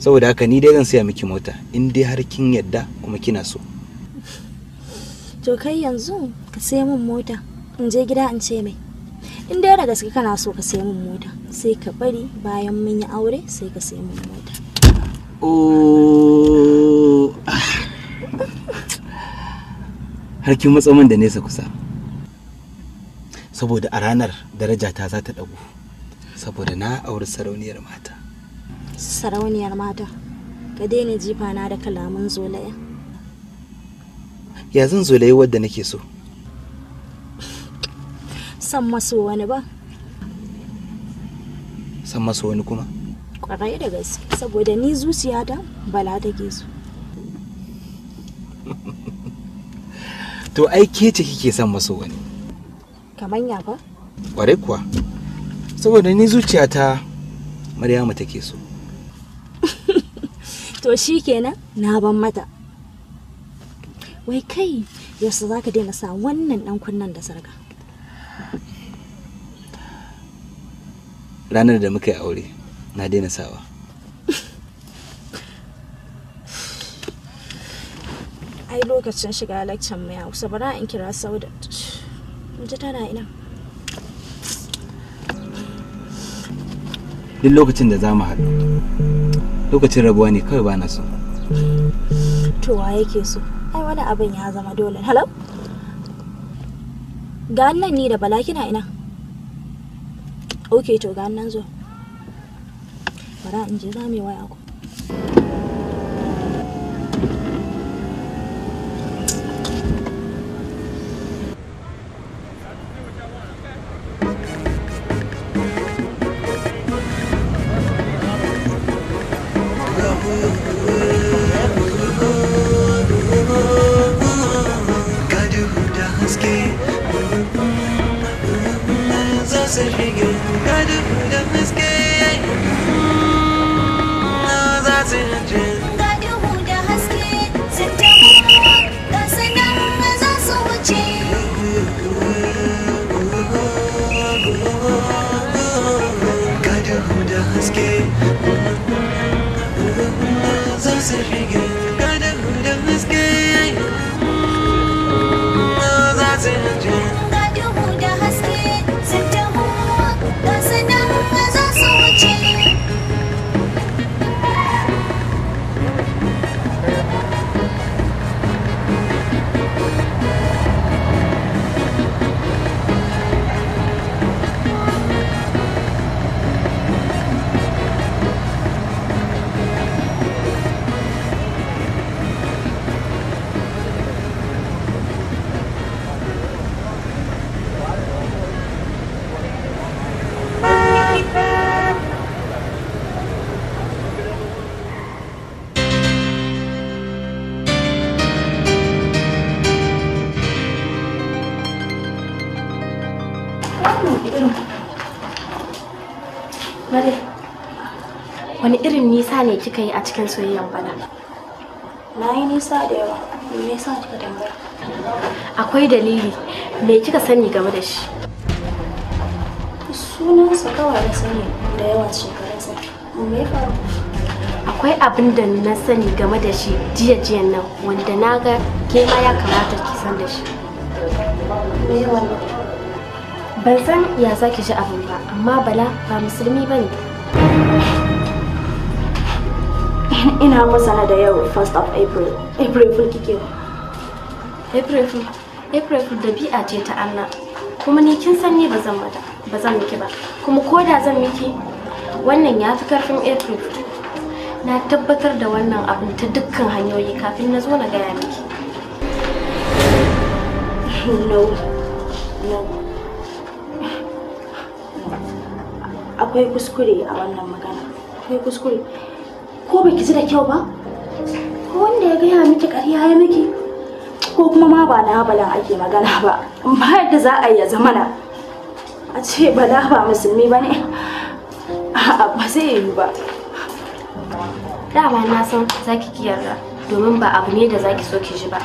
saboda haka ni dai zan siya miki mota in dai har kin yadda kuma kina so to kai yanzu ka sai min mota in je gida in ce mai in dai da gaske kana so ka sai min mota sai ka bari bayan mun yi aure sai ka sai min mota oh. har kin matsa min da nesa kusa saboda a ranar daraja ta za ta dago saboda na auri sarauniyar mata sarauniyar mata ka daina jifa na da kalaman zolaya ya zan zolaye wadda nake so san maso wani ba san maso wani kuma kwarai da gaske saboda ni zuciyata bala take so to ai ke ce kike san maso wani kaman ya ba kwarai kuwa saboda ni zuciyata Maryamu take so to shi kenan na ban mata wai kai yasa za ka daina sa wannan dan kunnan da sarka ranar da muka yi aure na daina sawa ai lokacin shiga lakcin mai hausa bara in kira saudat ji tana ina duk lokacin da za mu haɗu lokacin rabuwa ne kawai ba na so to wa yake so ai wani abin ya zama dole Hello? ga nan ni da bala kina ina ok to ga nan zo bara in je za mu yi waya ko wani irin nisa ne kika yi a cikin soyayyan bana na yi nisa da yawa me yasa kika tambaya akwai dalili me kika sani game da shi sunansa kawai da sani da yawan shekarunsa me ya akwai abin da na sani game da shi jiya jiyan nan wanda na ga ke ma ya kamata ki san da shi me wannan ban san ya zaki ji abin ba amma bala ba musulmi bane ina masana da yau first of april april fool kike april fool april fool dabi'a ce ta allah kuma ni kin san ni ba zan mata ba zan miki ba kuma ko da zan miki wannan ya fi karfin april fool na tabbatar da wannan abin ta dukkan hanyoyi kafin na zo na gaya miki no no akwai kuskure a wannan magana akwai kuskure ko ba ki ji da kyau ba ko wanda ya gaya miki ƙarya ya miki ko kuma ma ba na bala ake magana ba ba yadda za a yi ya zamana a ce bala ba musulmi ba ne a'a ba zai yi ba dama na san za ki kiyarra domin ba abu ne da za ki so ki ji ba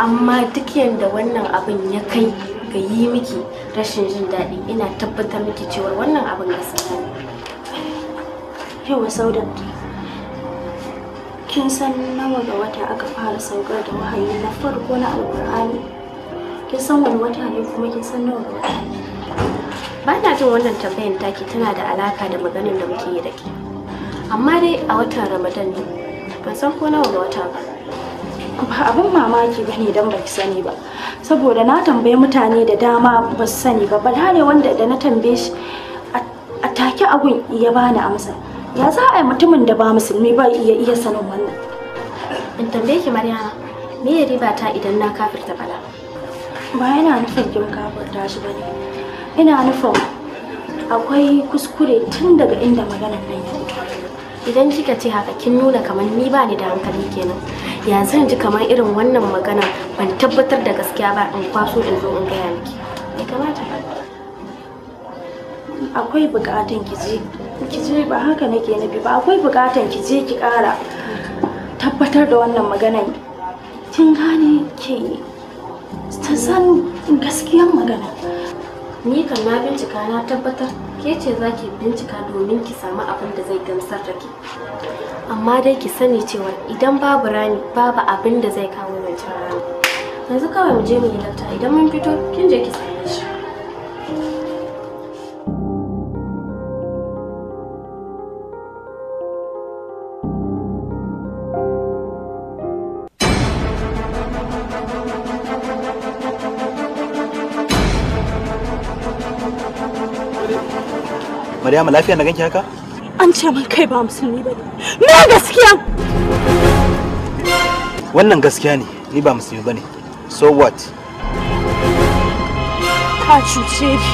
amma duk yadda wannan abin ya kai ga yi miki rashin jin daɗi ina tabbatar miki cewa wannan abin gaskiya ne yawa saudan kin san nawa ga wata aka fara saukar da wahayi na farko na alkur'ani kin san wani wata ne kuma kin san nawa ga wata ba na jin wannan tambayan taki tana da alaka da maganin da muke yi da ke amma dai a watan ramadan ne ban san ko nawa ga wata ba ba abin mamaki ba ne don baki sani ba saboda na tambayi mutane da dama ba su sani ba ba ne wanda da na tambaye shi a take abun ya bani amsa ya za a yi mutumin da ba musulmi ba iya iya sanin wannan in tambaye ki maryama me ya riba ta idan na kafirta bala ba yana nufin kin kafirta shi bane ina nufin akwai kuskure tun daga inda maganar nan ya fito idan kika ce haka kin nuna kamar ni ba ni da hankali kenan ya zan ji kamar irin wannan magana ban tabbatar da gaskiya ba in kwaso in zo in gaya miki ya kamata akwai bukatun ki je ki je ba haka nake nufi ba akwai bukatan ki je ki kara tabbatar da wannan maganar kin gane ke ta san gaskiyar magana ni kan na bincika na tabbatar ke ce za ki bincika domin ki samu abin da zai gamsar da ke amma dai ki sani cewa idan babu rani babu abin da zai kawo wancan rani yanzu kawai mu je mu yi lafta idan mun fito kin je ki sani Maryama lafiya na ganki haka? An ce min kai ba musulmi ba ne. Me gaskiya? Wannan gaskiya ne, ni ba musulmi ba ne. So what? Ka cuce ni.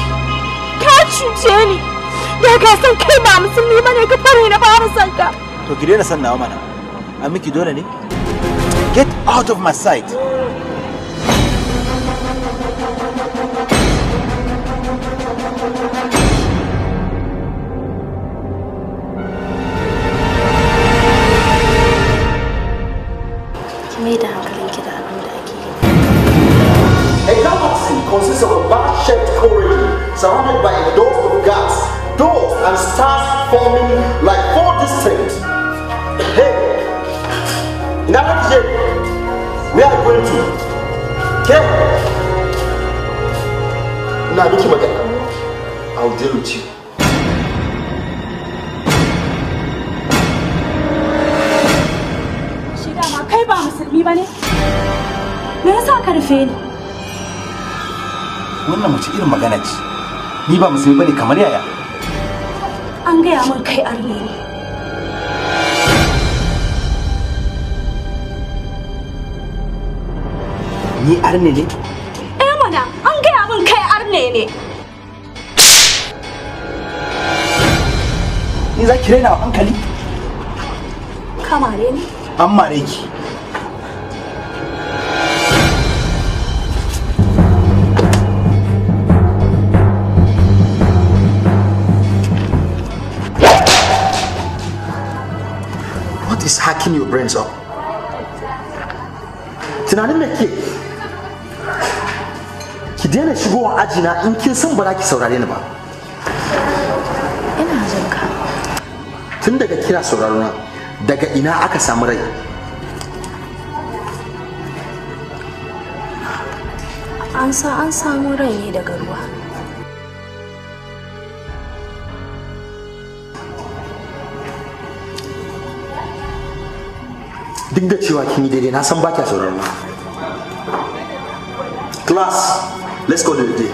Ka cuce ni. Da ka san kai ba musulmi ba ne ka fara na fara san ka. To ki daina san nawa mana. miki dole ne? Get out of my sight. surrounded by a dust of gas, dust and stars forming like four distinct. Hey, in another we are going to. Okay? Now, look at I'll deal with you. kai ba musulmi ba ne? Me yasa ka rufe ni? Wannan mace irin magana ce. ni ba musulmi bane kamar yaya an gaya min kai arne ne ni arne ne eh mana an gaya min kai arne ne ni za ki raina hankali kamare ne an mare ki is hacking your brains up tunanin me ke ki daina shigowa ajina in kin san ba za ki saurare ni ba ina jin ka tun daga kira sauraro na daga ina aka samu rai an sa an samu rai ne daga ruwa duk da cewa kin yi daidai na san ba kya sauraro class let's go to the day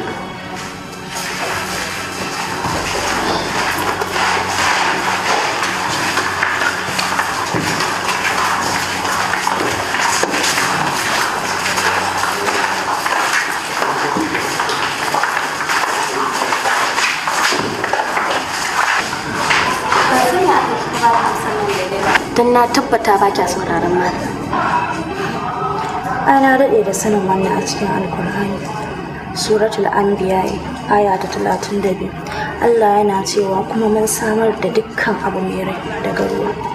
don na tabbata ba kya sauraron ma ana daɗe da sanin wannan a cikin alkur'ani suratul anbiya aya ta talatin da biyu allah yana cewa kuma mun samar da dukkan abu mai rai daga ruwa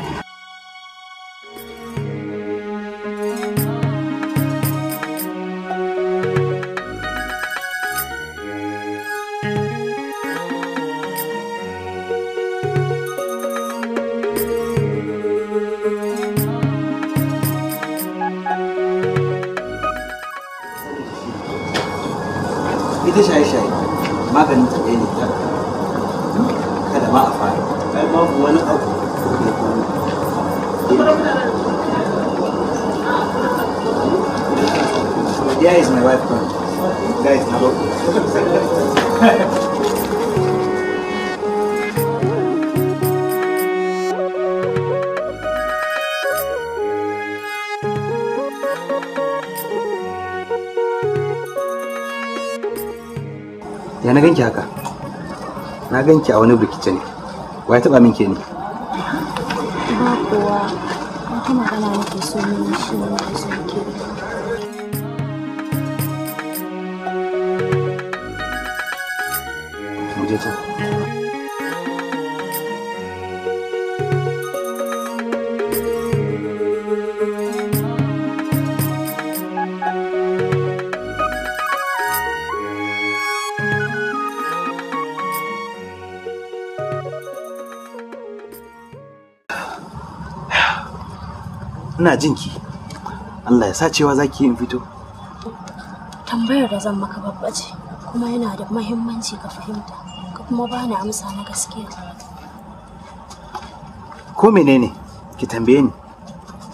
ne da kada ma a fara kai Yeah, is my wife. Guys, my wife. ya na ganki haka na ganki a wani rikice ne wa ya taba min ke ne ba kowa kuma magana nake so ne shi ne ke jinki Allah ya sa cewa za ki yin fito tambayar da zan maka babba ce kuma yana da mahimmanci ka fahimta ka kuma bani amsa na gaskiya ko menene ki tambaye ni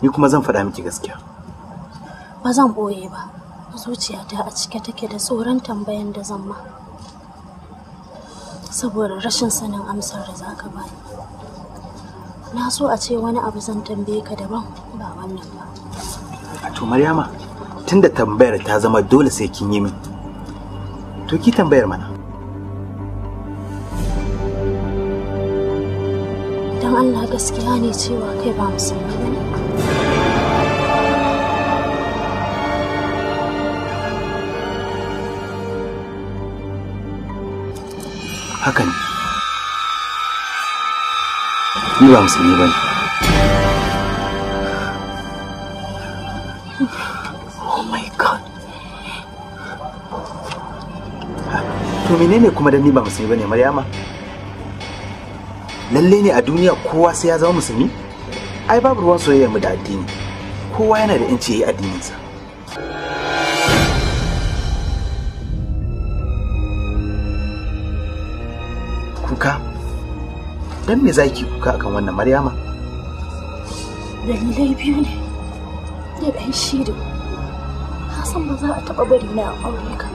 ni kuma zan faɗa miki gaskiya ba zan ɓoye ba zuciyata a cike take da tsoron tambayan da zan ma saboda rashin sanin amsar da za ka bani na so a ce wani abu zan tambaye ka daban ba wannan ba a to maryama tunda tambayar ta zama dole sai kin yi min to ki tambayar mana dan Allah gaskiya ne cewa kai ba musulmi ne? haka ne ni ba musulmi ba ne oh to kuma dan ni ba musulmi bane maryama lalle ne a duniya kowa sai ya zama musulmi ai babu ruwan soyayya mu da addini kowa yana da yanci yayi addininsa dan me zaki kuka akan wannan maryama dalilai biyu ne da ɗan shiri na san ba za a taɓa bari na aure ka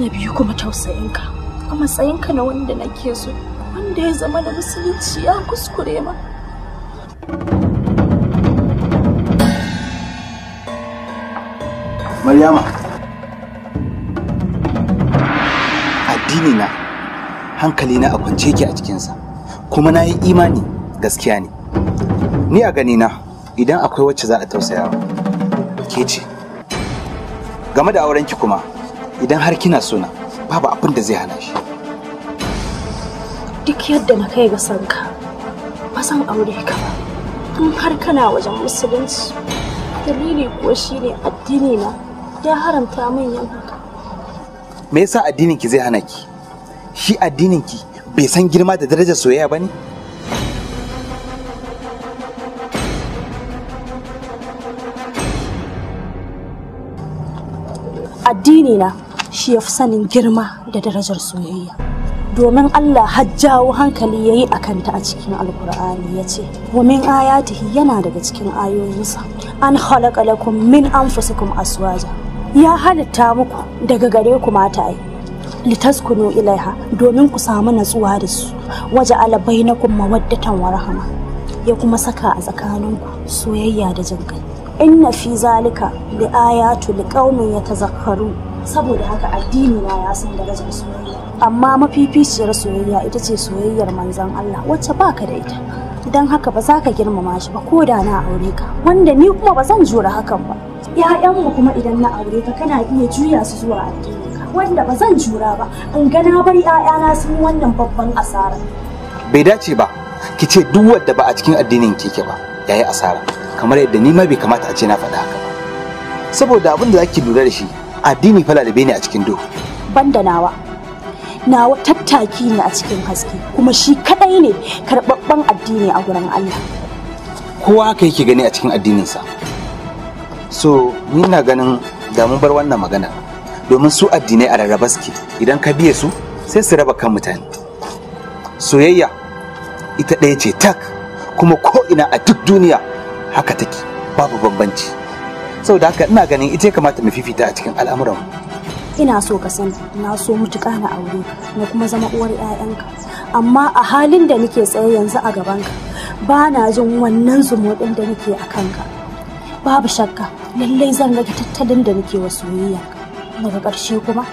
na biyu kuma tausayin ka. a ka na wanda nake so wanda ya zama na musulunci ya kuskure ma Maryama addini na hankali na a kwance ki a cikinsa kuma na yi imani gaskiya ne ni a ganina idan akwai wacce za a tausaya ke ce game da aurenki kuma idan har kina suna babu abin da zai hana shi duk yadda na kai ga sanka ba zan aure ka ba in har kana wajen musulunci dalili kuwa shine addini na ya haramta min yin haka me yasa addinin ki zai hana ki shi addinin ki bai san girma da darajar soyayya ba ne? addini na shi ya fi sanin girma da darajar soyayya domin Allah hajjawo hankali ya yi a kanta a cikin alkur'ani ya ce Wamin 'a'ya yana daga cikin ayoyinsa an halakalakun lakum min anfusikum aswaja ya halitta muku daga gare ku yi. litaskunu ilaiha domin ku samu natsuwa da su waje alabai na kuma waddatan wa rahama ya kuma saka a tsakanin ku soyayya da jin kai inna fi zalika li ayatu li qaumin yatazakkaru saboda haka addini na ya san darajar soyayya amma mafificiyar soyayya ita ce soyayyar manzon Allah wacce baka da ita don haka ba za ka girmama shi ba ko da na aure ka wanda ni kuma ba zan jura hakan ba 'ya'yanmu kuma idan na aure ka kana iya juya su zuwa addini wanda ba zan jura ba in ga na bari ‘ya'yana sun wannan babban asara. Bai dace ba, ki ce duk wadda ba a cikin addinin keke ba yayi asara kamar yadda ni ma bai kamata a ce na faɗa haka ba. Saboda abin da zaki lura da shi addini fa lalabe ne a cikin duhu. Banda nawa, nawa tattaki ne a cikin haske kuma shi kaɗai ne karɓaɓɓen addini a gurin Allah. Kowa haka yake gani a cikin addininsa. So, ni na ganin da mun bar wannan magana domin su addinai a rarraba suke idan ka biye su sai su raba kan mutane soyayya ita ɗaya ce tak kuma ko'ina a duk duniya haka take babu bambanci Sau da haka ina ganin ita kamata mu fifita a cikin al'amuran ina so ka sani na so mutuƙa na aure na kuma zama uwar 'ya'yanka amma a halin da nake tsaye yanzu a gabanka ba na jin wannan zumuɗin da nake a kanka babu shakka lallai zan rage tattalin da nake wa soyayya daga ƙarshe kuma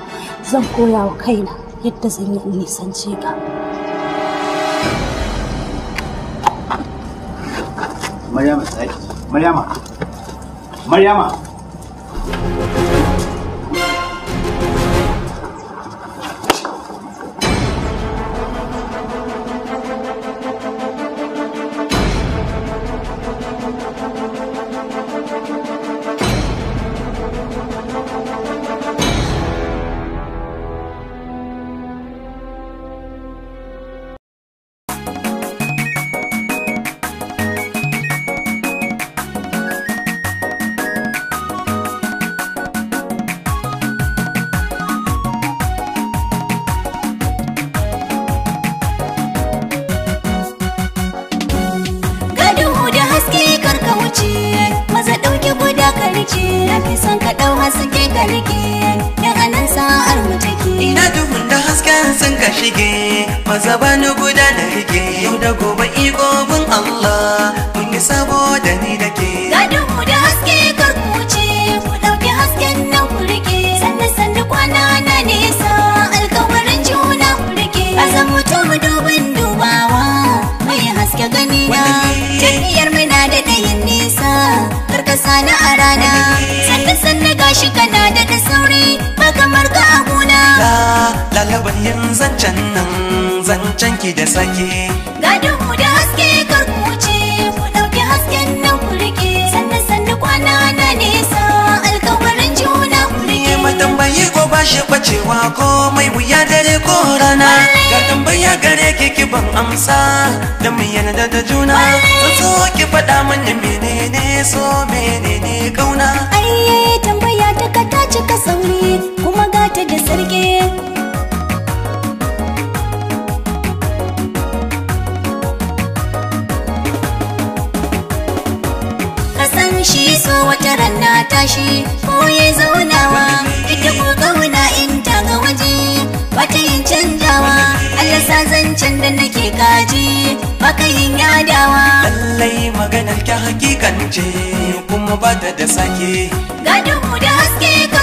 zan koya wa kaina yadda zan yi nisance ka Maryama Maryama Maryama shi kana da da sauri ba kamar ka a gona la lalaban yin zancen nan zancen ki da sake ga duhu da haske kar ku ku dauki hasken nan ku rike sannan sannan kwana na nesa alkawarin juna ku rike ma tambayi ko ba shi bacewa ko mai wuya dare ko rana ga tambaya gare ki ki ban amsa da mu yarda da juna so ki faɗa mana menene so menene kauna cika sauri kuma gata da sarki Kasan shi so wata ranna tashi ko ya zaunawa ita ko kauna in ta ga waje bata yin canjawa Allah sa zancen da nake kaji baka yin yadawa Lallai maganar ki hakikan kuma bata da sake ga mu da haske ka